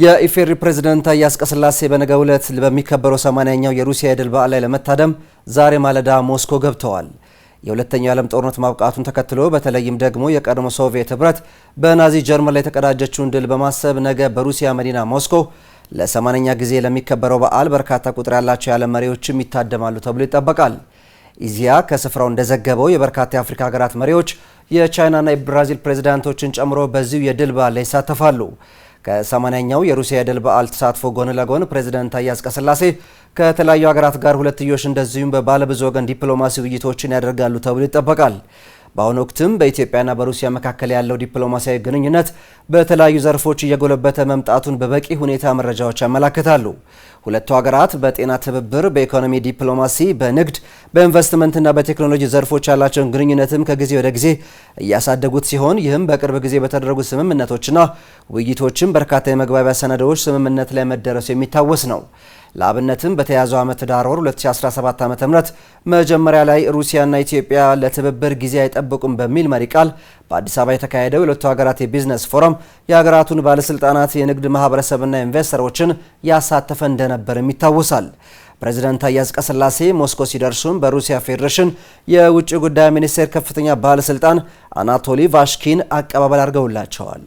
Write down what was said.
የኢፌሪ ፕሬዝደንት ታዬ ቀስላሴ በነገው ዕለት በሚከበረው 80 የሩሲያ የድል በዓል ላይ ለመታደም ዛሬ ማለዳ ሞስኮ ገብተዋል። የሁለተኛው የዓለም ጦርነት ማብቃቱን ተከትሎ በተለይም ደግሞ የቀድሞ ሶቪየት ኅብረት በናዚ ጀርመን ላይ የተቀዳጀችውን ድል በማሰብ ነገ በሩሲያ መዲና ሞስኮ ለ ኛ ጊዜ ለሚከበረው በዓል በርካታ ቁጥር ያላቸው የዓለም መሪዎችም ይታደማሉ ተብሎ ይጠበቃል። ኢዚያ ከስፍራው እንደዘገበው የበርካታ የአፍሪካ ሀገራት መሪዎች የቻይናና የብራዚል ፕሬዝዳንቶችን ጨምሮ በዚሁ የድል በዓል ላይ ይሳተፋሉ። ከሰማንያኛው የሩሲያ የድል በዓል ተሳትፎ ጎን ለጎን ፕሬዚደንት ታዬ አጽቀሥላሴ ከተለያዩ ሀገራት ጋር ሁለትዮሽ እንደዚሁም በባለብዙ ወገን ዲፕሎማሲ ውይይቶችን ያደርጋሉ ተብሎ ይጠበቃል። በአሁኑ ወቅትም በኢትዮጵያና በሩሲያ መካከል ያለው ዲፕሎማሲያዊ ግንኙነት በተለያዩ ዘርፎች እየጎለበተ መምጣቱን በበቂ ሁኔታ መረጃዎች ያመላክታሉ። ሁለቱ ሀገራት በጤና ትብብር፣ በኢኮኖሚ ዲፕሎማሲ፣ በንግድ፣ በኢንቨስትመንትና በቴክኖሎጂ ዘርፎች ያላቸውን ግንኙነትም ከጊዜ ወደ ጊዜ እያሳደጉት ሲሆን ይህም በቅርብ ጊዜ በተደረጉት ስምምነቶችና ውይይቶችም በርካታ የመግባቢያ ሰነዶች ስምምነት ላይ መደረሱ የሚታወስ ነው። ለአብነትም በተያዘው ዓመት ዳር ወር 2017 ዓ.ም መጀመሪያ ላይ ሩሲያና ኢትዮጵያ ለትብብር ጊዜ አይጠብቁም በሚል መሪ ቃል በአዲስ አበባ የተካሄደው የሁለቱ ሀገራት የቢዝነስ ፎረም የሀገራቱን ባለሥልጣናት፣ የንግድ ማኅበረሰብና ኢንቨስተሮችን ያሳተፈ እንደነበርም ይታወሳል። ፕሬዚደንት አያዝ ቀስላሴ ሞስኮ ሲደርሱም በሩሲያ ፌዴሬሽን የውጭ ጉዳይ ሚኒስቴር ከፍተኛ ባለሥልጣን አናቶሊ ቫሽኪን አቀባበል አድርገውላቸዋል።